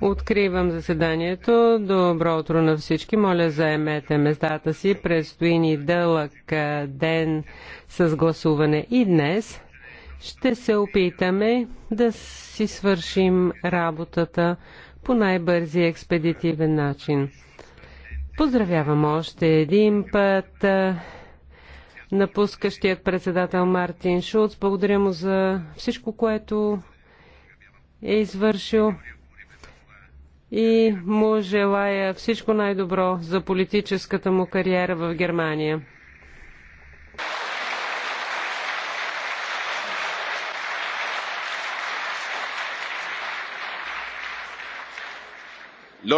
Откривам заседанието. Добро утро на всички. Моля, заемете местата си. Предстои ни дълъг ден с гласуване и днес. Ще се опитаме да си свършим работата по най-бързи експедитивен начин. Поздравявам още един път напускащият председател Мартин Шулц. Благодаря му за всичко, което е извършил и му желая всичко най-добро за политическата му кариера в Германия.